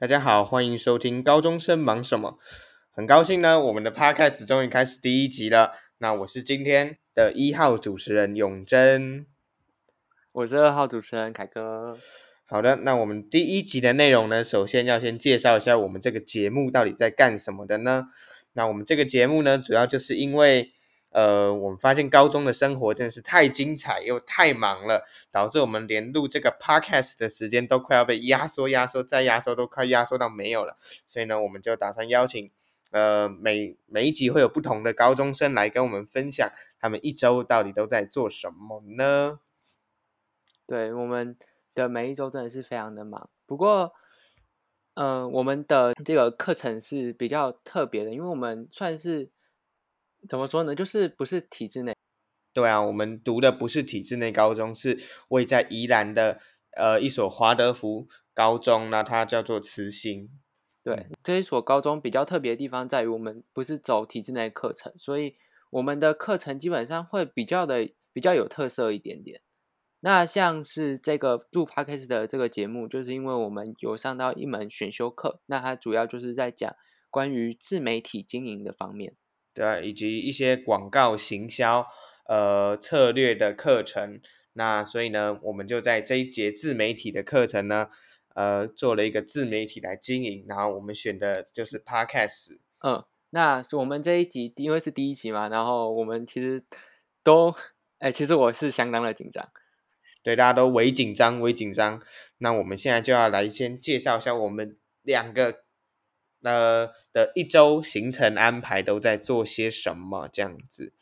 大家好，歡迎收聽《高中生忙什麼》。很高興呢，我們的 podcast 終於開始第一集了。那我是今天的一號主持人永真，我是二號主持人凱哥。好的，那我們第一集的內容呢，首先要先介紹一下我們這個節目到底在幹什麼的呢？那我們這個節目呢，主要就是因為。呃，我們發現高中的生活真的是太精彩又太忙了，導致我們連錄這個 podcast 的時間都快要被壓縮、壓縮再壓縮，都快壓縮到沒有了。所以呢，我們就打算邀請呃每每一集會有不同的高中生來跟我們分享，他們一周到底都在做什麼呢？對，我們的每一周真的是非常的忙。不過，呃，我們的這個課程是比較特別的，因為我們算是。怎麼說呢？就是不是體制內？對啊，我們讀的不是體制內高中，是位在宜蘭的呃一所華德福高中，那、啊、它叫做慈心。嗯、對，這一所高中比較特別的地方在於，我們不是走體制內課程，所以我們的課程基本上會比較的比較有特色一點點。那像是這個入 p a k e s 的這個節目，就是因為我們有上到一門選修課，那它主要就是在講關於自媒體經營的方面。對，以及一些廣告行銷呃策略的課程，那所以呢，我們就在這一節自媒體的課程呢，呃，做了一個自媒體來經營，然後我們選的就是 Podcast。嗯，那我們這一集因為是第一集嘛，然後我們其實都，哎，其實我是相當的緊張。對，大家都微緊張，微緊張。那我們現在就要來先介紹一下我們兩個。那、呃、的一週行程安排都在做些什麼？這樣子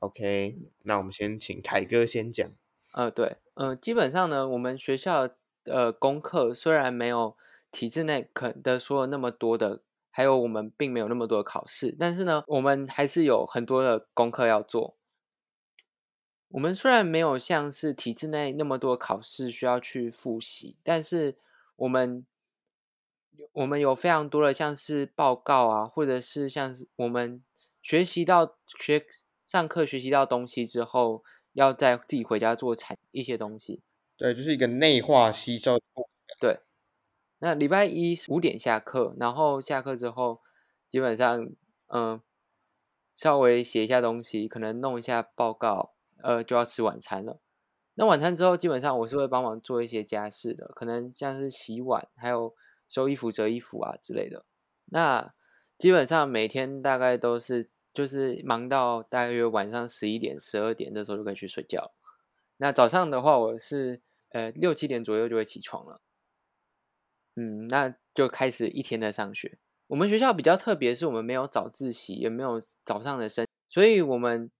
，OK。那我們先請凱哥先講。呃，對，嗯、呃，基本上呢，我們學校的、呃、功課雖然沒有體制內肯的說那麼多的，還有我們並沒有那麼多考試，但是呢，我們還是有很多的功課要做。我們雖然沒有像是體制內那麼多考試需要去複習，但是我們。我們有非常多的像是報告啊，或者是像是我們學習到學上課學習到東西之後，要在自己回家做產一些東西。對，就是一個內化吸收。對。那禮拜一是五點下課，然後下課之後，基本上嗯、呃，稍微寫一下東西，可能弄一下報告，呃，就要吃晚餐了。那晚餐之後，基本上我是會幫忙做一些家事的，可能像是洗碗，還有。收衣服、折衣服啊之類的，那基本上每天大概都是就是忙到大約晚上十一點、十二點的時候就可以去睡覺。那早上的話，我是呃六七點左右就會起床了，嗯，那就開始一天的上學。我們學校比較特別，是我們沒有早自習，也沒有早上的升，所以我們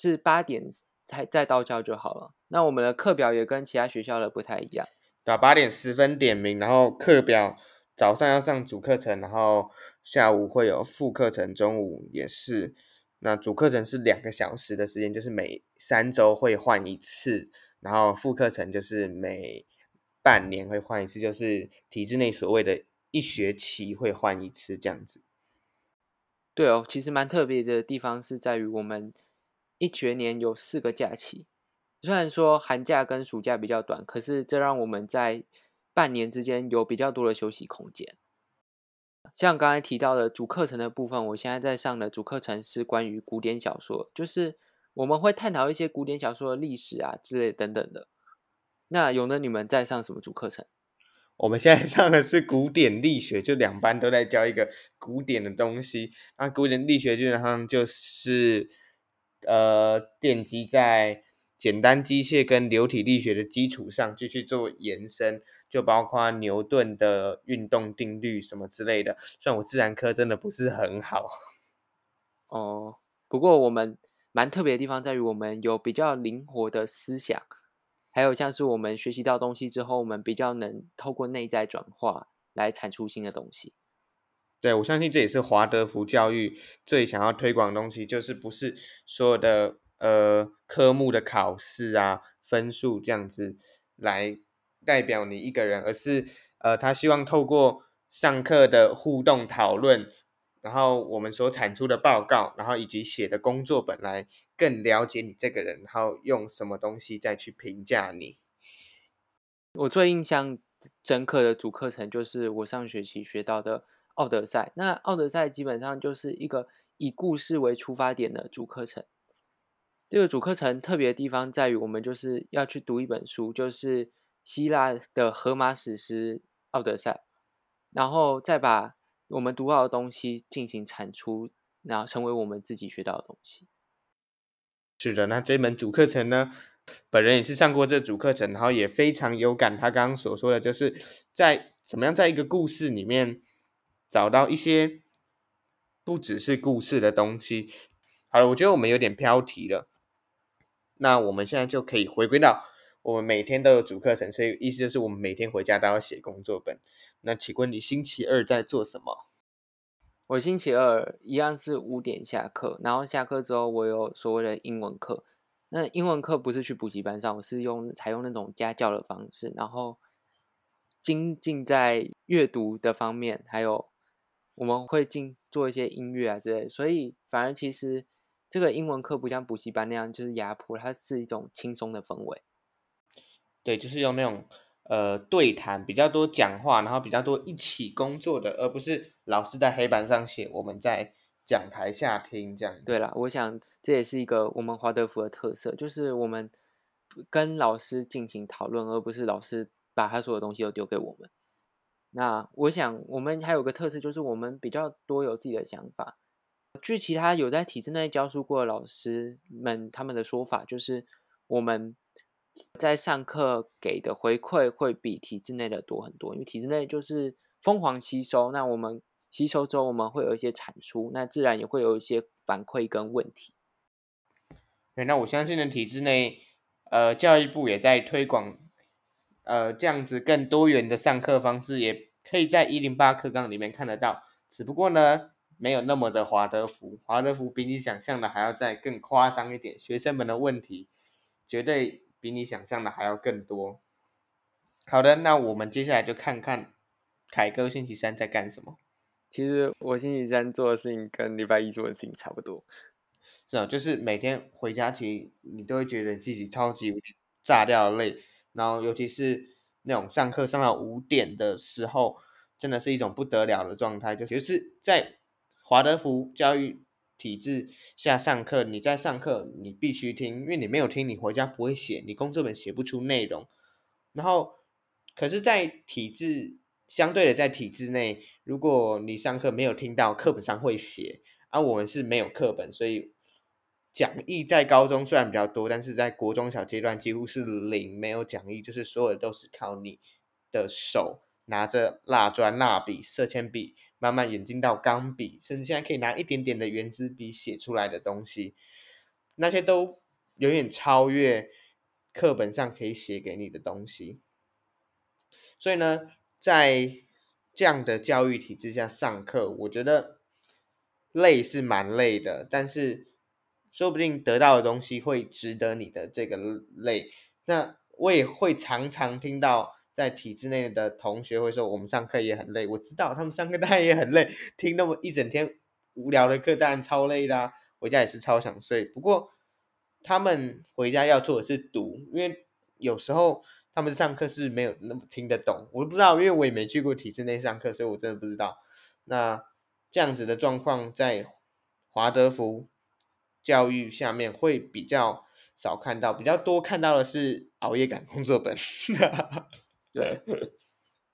是八點才再到校就好了。那我們的課表也跟其他學校的不太一樣。到八點十分點名，然後課表早上要上主課程，然後下午會有副課程，中午也是。那主課程是兩個小時的時間，就是每三週會換一次，然後副課程就是每半年會換一次，就是體制內所謂的一學期會換一次這樣子。對哦，其實蠻特別的地方是在於我們一學年有四個假期。雖然說寒假跟暑假比較短，可是這讓我們在半年之間有比較多的休息空間。像剛才提到的主課程的部分，我現在在上的主課程是關於古典小說，就是我們會探討一些古典小說的歷史啊之類等等的。那有的你們在上什麼主課程？我們現在上的是古典力學，就兩班都在教一個古典的東西。那古典力學基本上就是呃奠基在簡單機械跟流體力學的基礎上繼續做延伸，就包括牛頓的運動定律什麼之類的。雖然我自然科真的不是很好，哦，不過我們蠻特別的地方在於我們有比較靈活的思想，還有像是我們學習到東西之後，我們比較能透過內在轉化來產出新的東西。對，我相信這也是華德福教育最想要推廣的東西，就是不是所有的。呃，科目的考試啊，分數這樣子來代表你一個人，而是呃，他希望透過上課的互動討論，然後我們所產出的報告，然後以及寫的工作本來更了解你這個人，然後用什麼東西再去評價你。我最印象深刻的主課程就是我上學期學到的《奧德賽》。那《奧德賽》基本上就是一個以故事為出發點的主課程。這個主課程特別的地方在於，我們就是要去讀一本書，就是希臘的荷馬史詩《奧德賽》，然後再把我們讀到的東西進行產出，然後成為我們自己學到的東西。是的，那這門主課程呢，本人也是上過這主課程，然後也非常有感。他剛剛所說的，就是在怎麼樣在一個故事裡面找到一些不只是故事的東西。好了，我覺得我們有點飄題了。那我們現在就可以回歸到我們每天都有主課程，所以意思就是我們每天回家都要寫工作本。那請問你星期二在做什麼？我星期二一樣是五點下課，然後下課之後我有所謂的英文課。那英文課不是去補習班上，我是用採用那種家教的方式，然後精進在閱讀的方面，還有我們會進做一些音樂啊之類的，所以反而其實。這個英文課不像補習班那樣就是壓迫，它是一種輕鬆的氛圍。對，就是用那種呃對談比較多，講話，然後比較多一起工作的，而不是老師在黑板上寫，我們在講台下聽這樣。對啦，我想這也是一個我們華德福的特色，就是我們跟老師進行討論，而不是老師把他所有東西都丟給我們。那我想我們還有個特色，就是我們比較多有自己的想法。據其他有在體制內教書過的老師們他們的說法，就是我們在上課給的回饋會比體制內的多很多，因為體制內就是瘋狂吸收，那我們吸收之後，我們會有一些產出，那自然也會有一些反饋跟問題。對，那我相信呢，體制內，呃，教育部也在推廣，呃，這樣子更多元的上課方式，也可以在一零八課綱裡面看得到，只不過呢，沒有那麼的華德福，華德福比你想象的還要再更誇張一點。學生們的問題，絕對比你想象的還要更多。好的，那我們接下來就看看凱哥星期三在幹什麼。其實我星期三做的事情跟禮拜一做的事情差不多，是啊，哦，就是每天回家其實你都會覺得自己超級炸掉累，然後尤其是那種上課上到五點的時候，真的是一種不得了的狀態，就尤其是在，華德福教育體制下上課，你在上課，你必須聽，因為你沒有聽，你回家不會寫，你工作本寫不出內容。然後，可是，在體制相對的，在體制內，如果你上課沒有聽到，課本上會寫。啊，我們是沒有課本，所以講義在高中雖然比較多，但是在國中小階段幾乎是零，沒有講義，就是所有的都是靠你的手。拿着蠟磚、蠟筆、色鉛筆，慢慢演進到鋼筆，甚至現在可以拿一點點的原子筆寫出來的東西，那些都遠遠超越課本上可以寫給你的東西。所以呢，在這樣的教育體制下上課，我覺得累是蠻累的，但是說不定得到的東西會值得你的這個累。那我也會常常聽到。在體制內的同學會說，我們上課也很累。我知道他們上課當然也很累，聽那麼一整天無聊的課，當然超累啦、啊。回家也是超想睡。不過他們回家要做的是讀，因為有時候他們上課是沒有那麼聽得懂。我不知道，因為我也沒去過體制內上課，所以我真的不知道。那這樣子的狀況在華德福教育下面會比較少看到，比較多看到的是熬夜趕工作本。 對，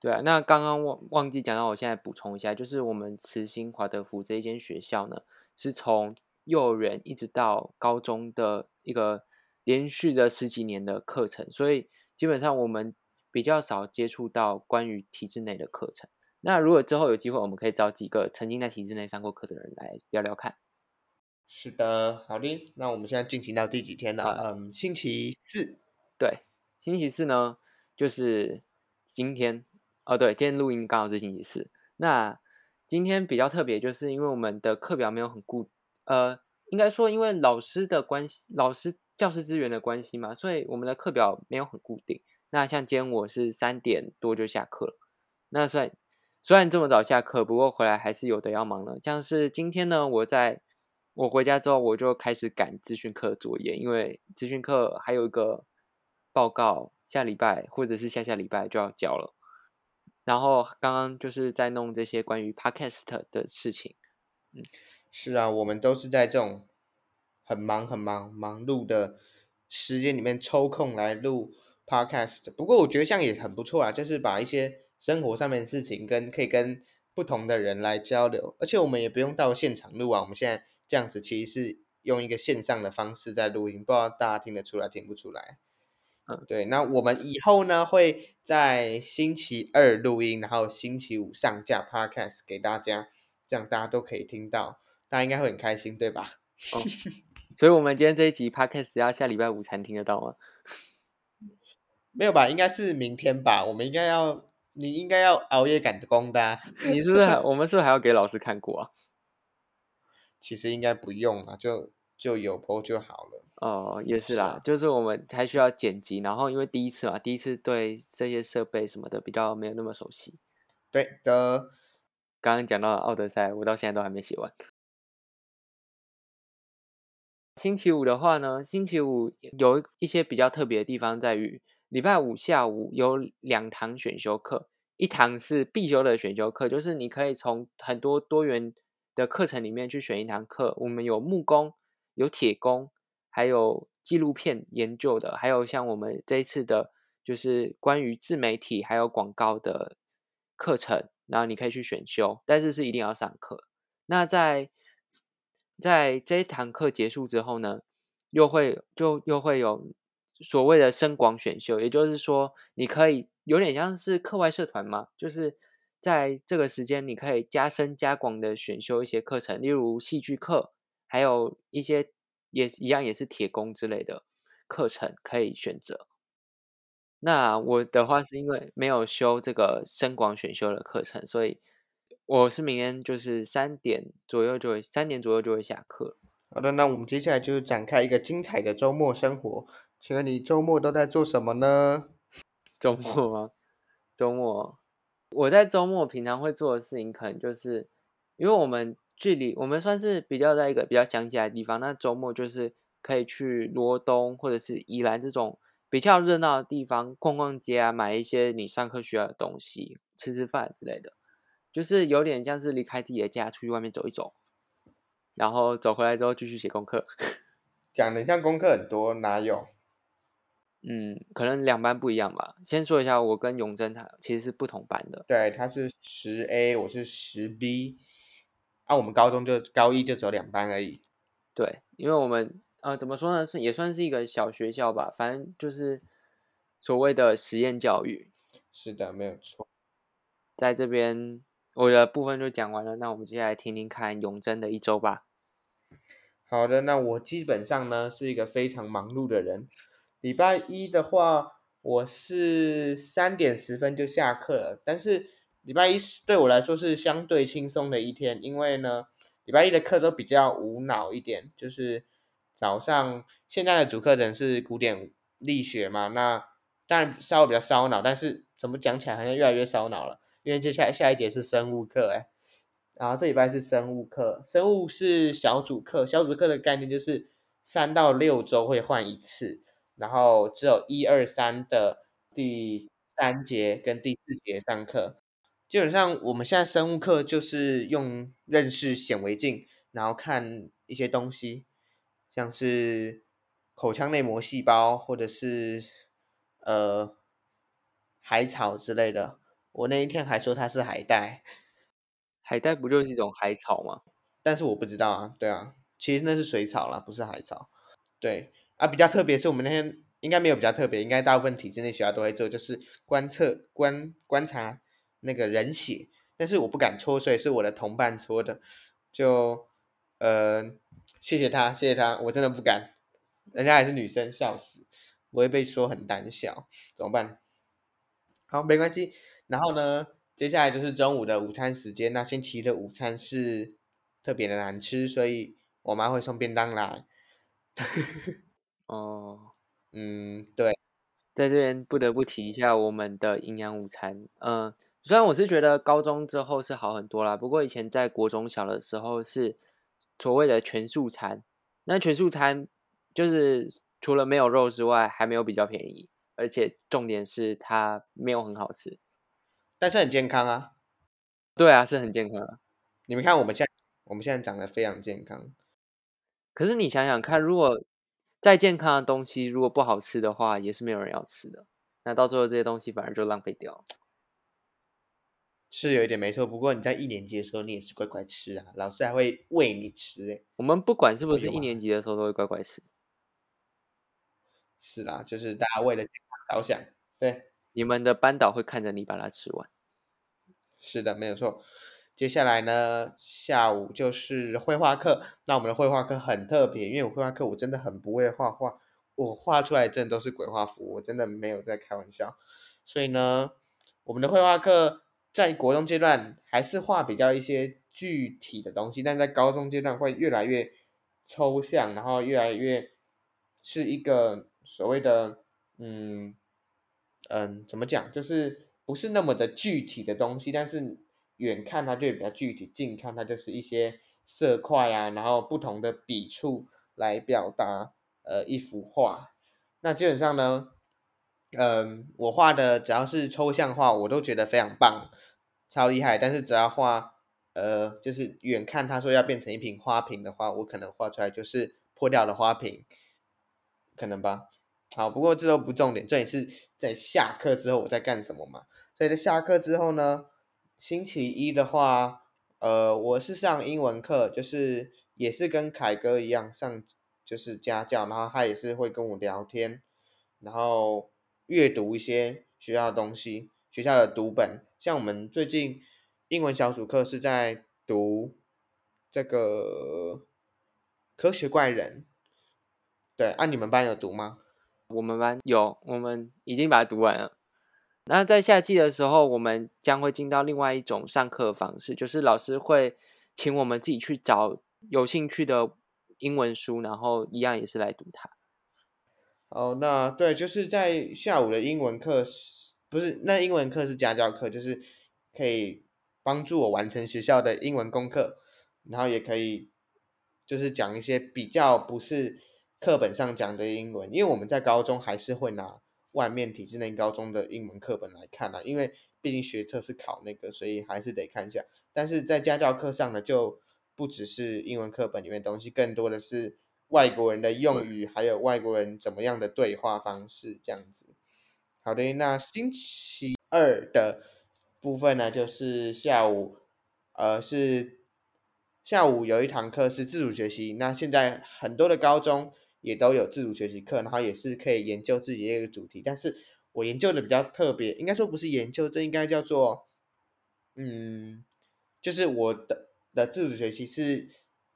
對啊，那剛剛忘忘記講到，我現在補充一下，就是我們慈心華德福這一間學校呢，是從幼兒園一直到高中的一個連續的十幾年的課程，所以基本上我們比較少接觸到關於體制內的課程。那如果之後有機會，我們可以找幾個曾經在體制內上過課的人來聊聊看。是的，好的。那我們現在進行到第幾天了？嗯，嗯，星期四。對，星期四呢，就是。今天，哦對，今天錄音剛好是星期四。那今天比較特別，就是因為我們的課表沒有很固，呃，應該說因為老師的關係，老師教師資源的關係嘛，所以我們的課表沒有很固定。那像今天我是三點多就下課了，那算，雖然這麼早下課，不過回來還是有的要忙了。像是今天呢，我在我回家之後，我就開始趕資訊課作業，因為資訊課還有一個。報告下禮拜或者是下下禮拜就要交了。然後剛剛就是在弄這些關於 podcast 的事情。嗯，是啊，我們都是在這種很忙很忙忙碌的時間裡面抽空來錄 podcast。不過我覺得這樣也很不錯啊，就是把一些生活上面的事情跟可以跟不同的人來交流，而且我們也不用到現場錄啊。我們現在這樣子其實是用一個線上的方式在錄音，不知道大家聽得出來聽不出來。嗯，對，那我們以後呢，會在星期二錄音，然後星期五上架 podcast 給大家，這樣大家都可以聽到，大家應該會很開心，對吧？哦，所以我們今天這一集 podcast 要下禮拜五才聽得到嗎？沒有吧，應該是明天吧？我們應該要，你應該要熬夜趕工的啊。你是不是？ 我們是不是還要給老師看過啊？其實應該不用了，就就有播就好了。哦，也是啦，是啊，就是我們還需要剪輯，然後因為第一次嘛，第一次對這些設備什麼的比較沒有那麼熟悉。對的，剛剛講到《奧德賽》，我到現在都還沒寫完。對的。星期五的話呢，星期五有一些比較特別的地方在於，禮拜五下午有兩堂選修課，一堂是必修的選修課，就是你可以從很多多元的課程裡面去選一堂課。我們有木工，有鐵工。還有紀錄片研究的，還有像我們這一次的，就是關於自媒體還有廣告的課程，然後你可以去選修，但是是一定要上課。那在在這一堂課結束之後呢，又會就又會有所謂的深廣選修，也就是說你可以有點像是課外社團嘛，就是在這個時間你可以加深加廣的選修一些課程，例如戲劇課，還有一些。也一樣，也是鐵工之類的課程可以選擇。那我的話是因為沒有修這個深廣選修的課程，所以我是明天就是三點左右就會，三點左右就會下課。好的，那我們接下來就是展開一個精彩的周末生活。請問你周末都在做什麼呢？周末嗎？周末，我在周末平常會做的事情，可能就是因為我們。距離我們算是比較在一個比較鄉下的地方，那周末就是可以去羅東或者是宜蘭這種比較熱鬧的地方逛逛街啊，買一些你上課需要的東西，吃吃飯之類的，就是有點像是離開自己的家，出去外面走一走，然後走回來之後繼續寫功課。講的像功課很多，哪有？嗯，可能兩班不一樣吧。先說一下，我跟永貞他其實是不同班的。對，他是十 A，我是十 B。那、啊、我們高中就高一就只有兩班而已，對，因為我們呃怎麼說呢，是也算是一個小學校吧，反正就是所謂的實驗教育。是的，沒有錯。在這邊我的部分就講完了，那我們接下來聽聽看永真的一周吧。好的，那我基本上呢是一個非常忙碌的人。禮拜一的話，我是三點十分就下課了，但是。禮拜一是對我來說是相對輕鬆的一天，因為呢，禮拜一的課都比較無腦一點，就是早上，現在的主課程是古典力學嘛，那當然稍微比較燒腦，但是怎麼講起來好像越來越燒腦了，因為接下來下一節是生物課、欸，哎，然後這禮拜是生物課，生物是小組課，小組課的概念就是三到六週會換一次，然後只有一二三的第三節跟第四節上課。基本上我們現在生物課就是用認識顯微鏡，然後看一些東西，像是口腔內膜細胞，或者是呃海草之類的。我那一天還說它是海帶，海帶不就是一種海草嗎？但是我不知道啊。對啊，其實那是水草啦，不是海草。對啊，比較特別的是我們那天應該沒有比較特別，應該大部分體制內學校都會做，就是觀測觀觀察。那個人血，但是我不敢戳，所以是我的同伴戳的，就，呃，謝謝他，謝謝他，我真的不敢，人家還是女生，笑死，我會被說很膽小，怎麼辦？好，沒關係。然後呢，接下來就是中午的午餐時間。那星期一的午餐是特別的難吃，所以我媽會送便當來。 哦，嗯，對，在這邊不得不提一下我們的營養午餐，嗯、呃。雖然我是覺得高中之後是好很多啦，不過以前在國中小的時候是所謂的全素餐，那全素餐就是除了沒有肉之外，還沒有比較便宜，而且重點是它沒有很好吃，但是很健康啊。對啊，是很健康啊。你們看我們現在，我們現在長得非常健康。可是你想想看，如果再健康的東西，如果不好吃的話，也是沒有人要吃的。那到最後這些東西反而就浪費掉了。是有一點沒錯，不過你在一年級的時候，你也是乖乖吃啊，老師還會餵你吃、欸。誒，我們不管是不是一年級的時候都會乖乖吃，是的、啊，就是大家為了健康着想，對，你們的班導會看着你把它吃完。是的，沒有錯。接下來呢，下午就是繪畫課。那我們的繪畫課很特別，因為我繪畫課我真的很不會畫畫，我畫出來的真的都是鬼畫符，我真的沒有在開玩笑。所以呢，我們的繪畫課。在國中階段還是畫比較一些具體的東西，但在高中階段會越來越抽象，然後越來越是一個所謂的嗯嗯、呃、怎麼講，就是不是那麼的具體的東西，但是遠看它就比較具體，近看它就是一些色塊啊，然後不同的筆觸來表達呃一幅畫。那基本上呢，嗯、呃，我畫的只要是抽象畫，我都覺得非常棒。超厲害，但是只要畫，呃，就是遠看，他說要變成一瓶花瓶的話，我可能畫出來就是破掉的花瓶，可能吧。好，不過這都不重點，重點是在下課之後我在幹什麼嘛？所以在下課之後呢，星期一的話，呃，我是上英文課，就是也是跟凱哥一樣上，就是家教，然後他也是會跟我聊天，然後閱讀一些學校的東西，學校的讀本。像我們最近英文小組課是在讀這個科學怪人，對，啊，你們班有讀嗎？我們班有，我們已經把它讀完了。那在夏季的時候，我們將會進到另外一種上課的方式，就是老師會請我們自己去找有興趣的英文書，然後一樣也是來讀它。哦，那對，就是在下午的英文課。不是，那英文課是家教課，就是可以幫助我完成學校的英文功課，然後也可以就是講一些比較不是課本上講的英文，因為我們在高中還是會拿外面體制內高中的英文課本來看啊，因為畢竟學測是考那個，所以還是得看一下。但是在家教課上呢，就不只是英文課本裡面的東西，更多的是外國人的用語，還有外國人怎麼樣的對話方式，嗯，這樣子。好的，那星期二的部分呢，就是下午，呃，是下午有一堂課是自主學習。那現在很多的高中也都有自主學習課，然後也是可以研究自己的一個主題。但是我研究的比較特別，應該說不是研究，這應該叫做，嗯，就是我的的自主學習是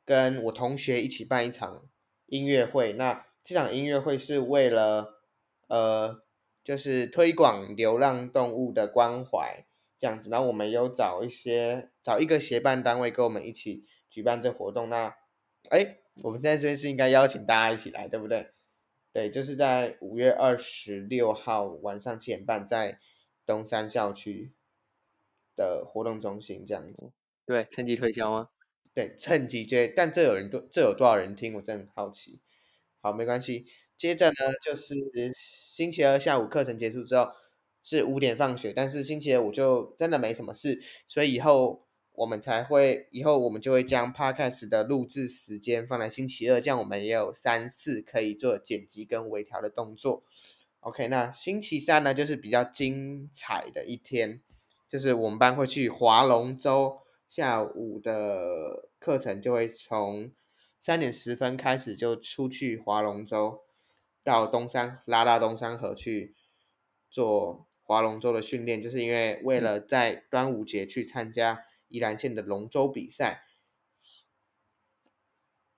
跟我同學一起辦一場音樂會。那這場音樂會是為了，呃。就是推廣流浪動物的關懷這樣子，然後我們有找一些找一個協辦單位跟我們一起舉辦這活動。那，哎、欸，我們在這邊是應該邀請大家一起來，對不對？對，就是在五月二十六號晚上七點半，在東山校區的活動中心這樣子。對，趁機推銷嗎？對，趁機追。但這有人多，這有多少人聽？我真的好奇。好，沒關係。接着呢，就是星期二下午課程結束之後是五點放學，但是星期五就真的沒什麼事，所以以後我們才會，以後我們就會將 podcast 的錄製時間放在星期二，這樣我們也有三次可以做剪輯跟微調的動作。OK，那星期三呢，就是比較精彩的一天，就是我們班會去划龍舟，下午的課程就會從三點十分開始就出去划龍舟。到東山拉拉東山河去做划龍舟的訓練，就是因為為了在端午節去參加宜蘭縣的龍舟比賽。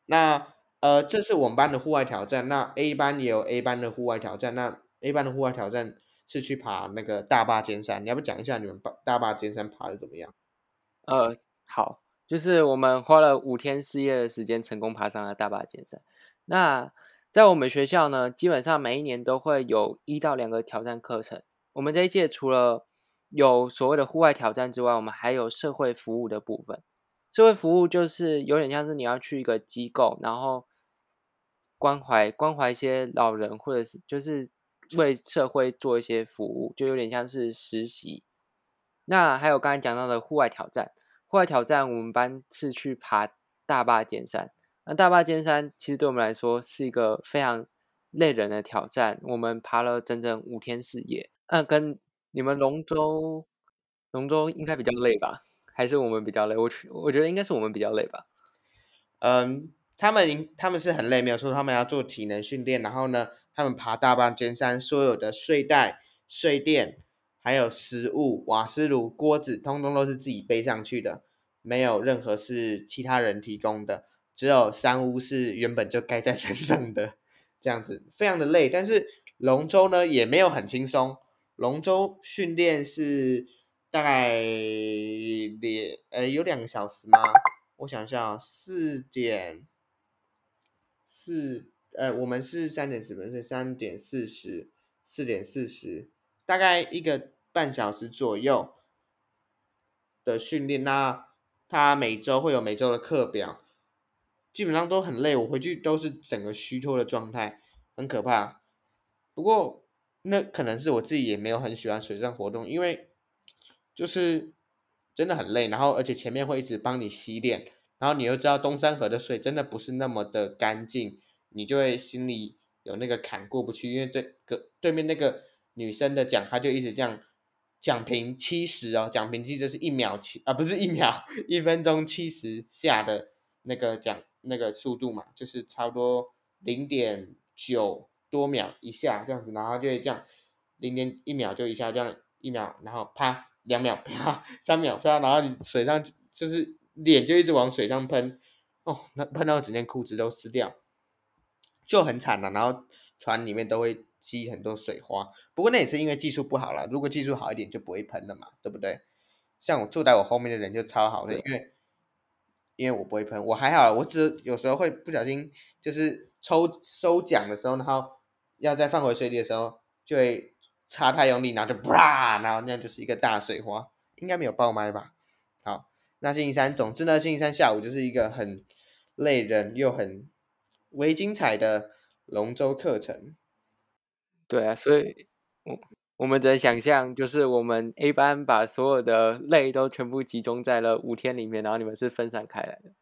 那呃，這是我們班的戶外挑戰，那 A 班也有 A 班的戶外挑戰，那 A 班的戶外挑戰是去爬那個大霸尖山，你要不講一下你們大霸尖山爬得怎麼樣？呃，好，就是我們花了五天四夜的時間，成功爬上了大霸尖山。那在我們學校呢，基本上每一年都會有一到兩個挑戰課程。我們這一屆除了有所謂的戶外挑戰之外，我們還有社會服務的部分。社會服務就是有點像是你要去一個機構，然後關懷關懷一些老人，或者是就是為社會做一些服務，就有點像是實習。那還有剛才講到的戶外挑戰，戶外挑戰我們班是去爬大霸尖山。那大霸尖山其實對我們來說是一個非常累人的挑戰。我們爬了整整五天四夜。那、啊、跟你們龍舟，龍舟應該比較累吧？還是我們比較累？我去，我覺得應該是我們比較累吧。嗯，他們他們是很累，沒有說他們要做體能訓練，然後呢，他們爬大霸尖山，所有的睡袋、睡墊，還有食物、瓦斯爐、鍋子，通通都是自己背上去的，沒有任何是其他人提供的。只有山屋是原本就蓋在山上的，這樣子非常的累。但是龍舟呢，也沒有很輕鬆，龍舟訓練是大概兩呃、欸、有兩個小時嗎？我想一下啊，四點四呃、欸、我們是三點十分，是三點四十四點四十，大概一個半小時左右的訓練。那他每周會有每周的課表。基本上都很累，我回去都是整個虛脫的狀態，很可怕。不過那可能是我自己也沒有很喜歡水上活動，因為就是真的很累，然後而且前面會一直幫你洗臉，然後你又知道冬山河的水真的不是那麼的乾淨，你就會心裡有那個坎過不去，因為對個對面那個女生的槳，她就一直這樣，槳頻七十哦，槳頻七就是一秒七啊，不是一秒，一分鐘七十下的那個槳。那個速度嘛，就是差不多零點九多秒一下這樣子，然後就會這樣，零點一秒就一下這樣，一秒，然後啪兩秒啪三秒啪，然後水上就是臉就一直往水上噴，哦，那噴到整件褲子都濕掉，就很慘了。然後船裡面都會積很多水花，不過那也是因為技術不好了。如果技術好一點就不會噴了嘛，對不對？像我住在我後面的人就超好的，對因為。因為我不會噴，我還好，我只有，有時候會不小心，就是抽抽槳的時候，然後要再放回水裡的時候，就會插太用力，然後就啪，然後那樣就是一個大水花。應該沒有爆麥吧？好，那星期三，總之呢，星期三下午就是一個很累人又很微精彩的龍舟課程。對啊，所以，我、哦。我們只能想象就是我們 A 班把所有的累都全部集中在了五天裡面，然後你們是分散開來的。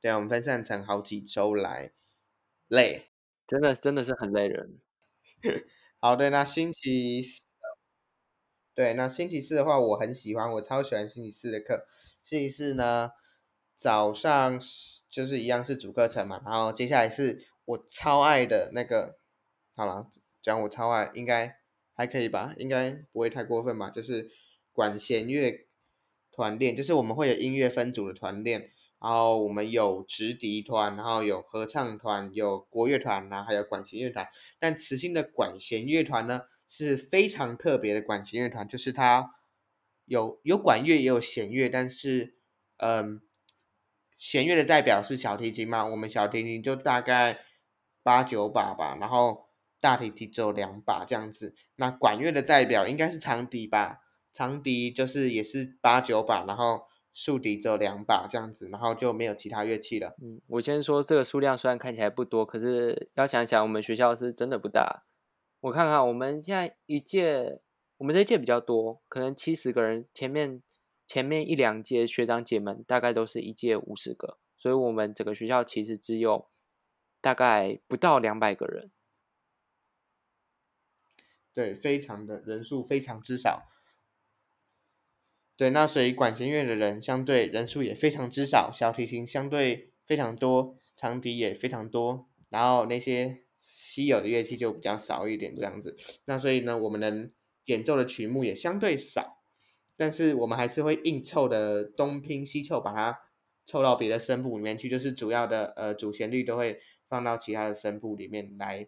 對，我們分散成好幾周來，累，真的真的是很累人。 好的，那星期四，對，那星期四的話，我很喜歡，我超喜歡星期四的課。星期四呢，早上就是一樣是主課程嘛，然後接下來是我超愛的那個，好了，講我超愛應該。還可以吧，應該不會太過分吧。就是管弦樂團練，就是我們會有音樂分組的團練，然後我們有直笛團，然後有合唱團，有國樂團，然後還有管弦樂團。但慈心的管弦樂團呢，是非常特別的管弦樂團，就是它有有管樂也有弦樂，但是嗯，弦樂的代表是小提琴嘛，我們小提琴就大概八九把吧，然後。大提琴只有兩把這樣子，那管樂的代表應該是長笛吧？長笛就是也是八九把，然後豎笛只有兩把這樣子，然後就沒有其他樂器了。嗯，我先說這個數量雖然看起來不多，可是要想想我們學校是真的不大。我看看，我們現在一屆，我們這一屆比較多，可能七十個人。前面前面一兩屆學長姐們大概都是一屆五十個，所以我們整個學校其實只有大概不到兩百個人。對，非常的人數非常之少。對，那所以管弦樂的人相對人數也非常之少，小提琴相對非常多，長笛也非常多，然後那些稀有的樂器就比較少一點這樣子。那所以呢，我們能演奏的曲目也相對少，但是我們還是會硬湊的，東拼西湊把它湊到別的聲部裡面去，就是主要的呃主旋律都會放到其他的聲部裡面來。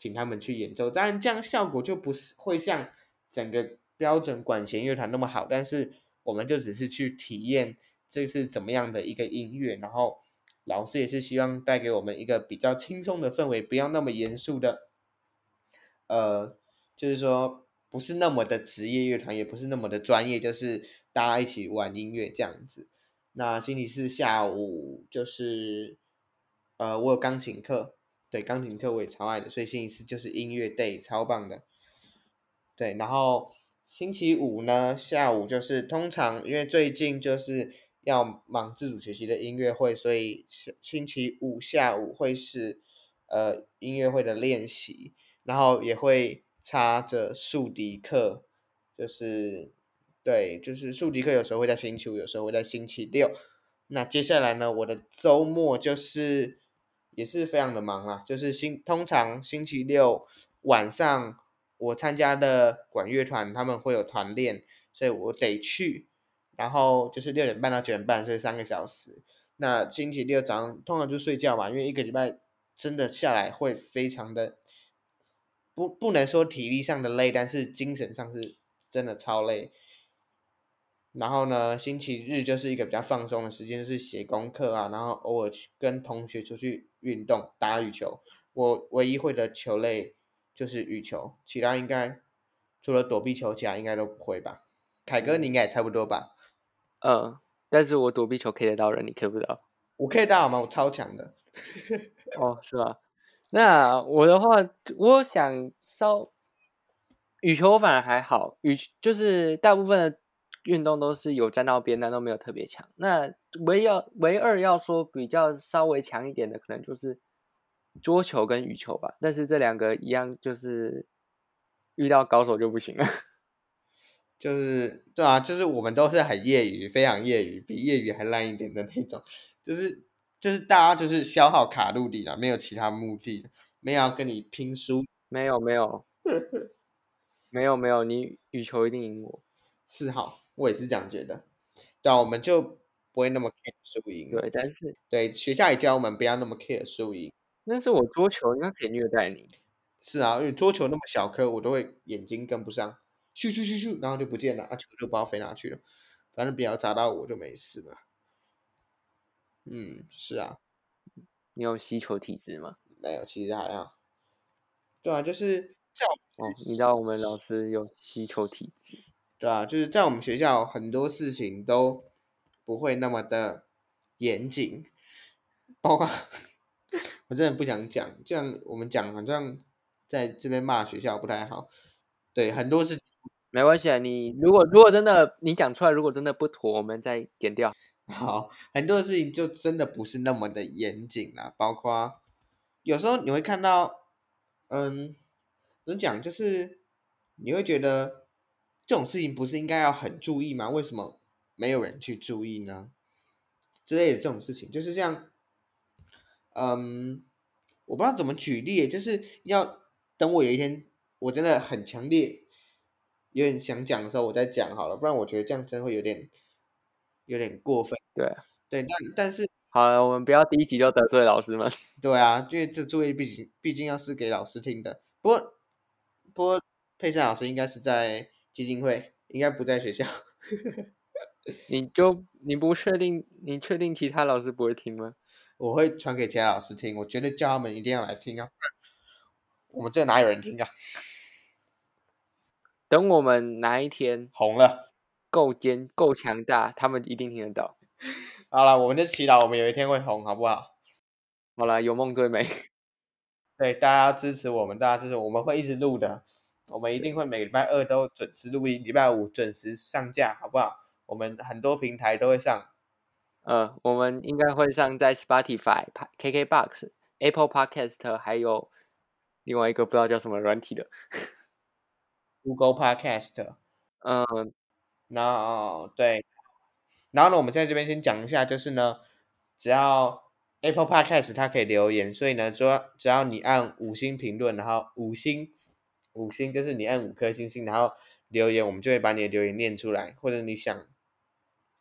請他們去演奏，當然這樣效果就不是會像整個標準管弦樂團那麼好，但是我們就只是去體驗這是怎麼樣的一個音樂。然後老師也是希望帶給我們一個比較輕鬆的氛圍，不要那麼嚴肅的，呃，就是說不是那麼的職業樂團，也不是那麼的專業，就是大家一起玩音樂這樣子。那星期四下午就是呃，我有鋼琴課。對，鋼琴課我也超愛的，所以星期四就是音樂 day，超棒的。對，然後星期五呢，下午就是通常因為最近就是要忙自主學習的音樂會，所以星期五下午會是呃音樂會的練習，然後也會插着豎笛課，就是對，就是豎笛課有時候會在星期五，有時候會在星期六。那接下來呢，我的周末就是。也是非常的忙啊，就是星，通常星期六晚上我參加的管樂團，他們會有團練，所以我得去，然後就是六點半到九點半，所以三個小時。那星期六早上通常就睡覺嘛，因為一個禮拜真的下來會非常的不不能說體力上的累，但是精神上是真的超累。然後呢，星期日就是一個比較放鬆的時間，就是寫功課啊，然後偶爾去跟同學出去運動，打羽球。我唯一會的球類就是羽球，其他應該除了躲避球，其他應該都不會吧。凱哥，你應該也差不多吧？嗯，但是我躲避球 K 得到人，你 K 不到？我可以到嗎？我超強的。 哦，是吧？那我的話，我想稍羽球我反而還好，羽就是大部分的。運動都是有沾到邊，但都沒有特別強。那唯一要唯二要說比較稍微強一點的，可能就是桌球跟羽球吧。但是這兩個一樣，就是遇到高手就不行了。就是對啊，就是我們都是很業餘，非常業餘，比業餘還爛一點的那種。就是就是大家就是消耗卡路里了，沒有其他目的，沒有要跟你拼輸，沒有 沒有沒有沒有，你羽球一定贏我，四號。我也是這樣覺得，對啊，我們就不會那麼 care 輸贏。對，但是對學校也教我們不要那麼 care 輸贏。那是我桌球應該可以虐待你。是啊，因為桌球那麼小顆，我都會眼睛跟不上，咻咻咻咻咻，然後就不見了，啊球就不知道飛哪去了，反正不要砸到我就沒事了。嗯，是啊，你有吸球體質嗎？沒有，其實還好。對啊，就是叫哦，你知道我們老師有吸球體質。對啊，就是在我們學校很多事情都不會那麼的嚴謹，包括我真的不想講，這樣我們講，好像在這邊罵學校不太好。對，很多事情。沒關係啊，你如果如果真的你講出來，如果真的不妥，我們再剪掉。好，很多的事情就真的不是那麼的嚴謹了。包括有時候你會看到，嗯，怎麼講，就是你會覺得。這種事情不是應該要很注意嗎？為什麼沒有人去注意呢？之類的這種事情就是這樣。嗯，我不知道怎麼舉例，就是要等我有一天我真的很強烈，有點想講的時候，我再講好了，不然我覺得這樣真的會有點有點過分。對，對，但但是好了，我們不要第一集就得罪老師們。對啊，因為這注意畢竟畢竟要是給老師聽的。不過不過佩珊老師應該是在。基金會應該不在學校， 你就你不確定，你確定其他老師不會聽嗎？我會傳給其他老師聽，我絕對叫他們一定要來聽啊！我們這哪有人聽啊？等我們哪一天紅了，夠尖夠強大，他們一定聽得到。好了，我們就祈禱我們有一天會紅，好不好？好了，有夢最美。對，大家要支持我們，大家支持我們，我們會一直錄的。我們一定會每禮拜二都準時錄音，禮對拜五準時上架，好不好？我們很多平台都會上，嗯、呃，我們應該會上在 Spotify、KKBox、Apple Podcast，還有另外一個不知道叫什麼軟體的 ，Google Podcast。嗯，然後對，然後呢，我們在這邊先講一下，就是呢，只要 Apple Podcast 它可以留言，所以呢，只要只要你按五星評論，然後五星。五星就是你按五顆星星，然後留言，我們就會把你的留言念出來。或者你想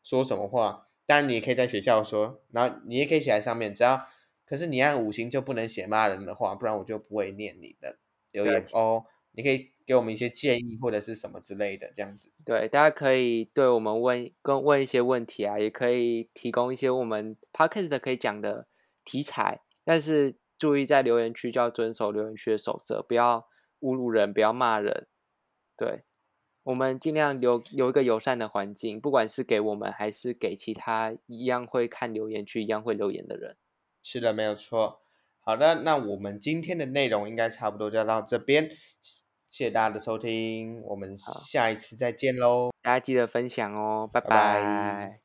說什麼話，但你也可以在學校說，然後你也可以寫在上面。只要，可是你按五星就不能寫罵人的話，不然我就不會念你的留言對哦。你可以給我們一些建議，或者是什麼之類的這樣子。對，大家可以對我們問跟問一些問題啊，也可以提供一些我們 podcast 可以講的題材，但是注意在留言區就要遵守留言區的守則，不要。侮辱人，不要罵人，對。我們盡量留有一個友善的環境，不管是給我們還是給其他一樣會看留言區一樣會留言的人。是的，沒有錯。好的，那我們今天的內容應該差不多就到這邊，謝謝大家的收聽，我們下一次再見嘍，好大家記得分享哦，拜拜。拜拜。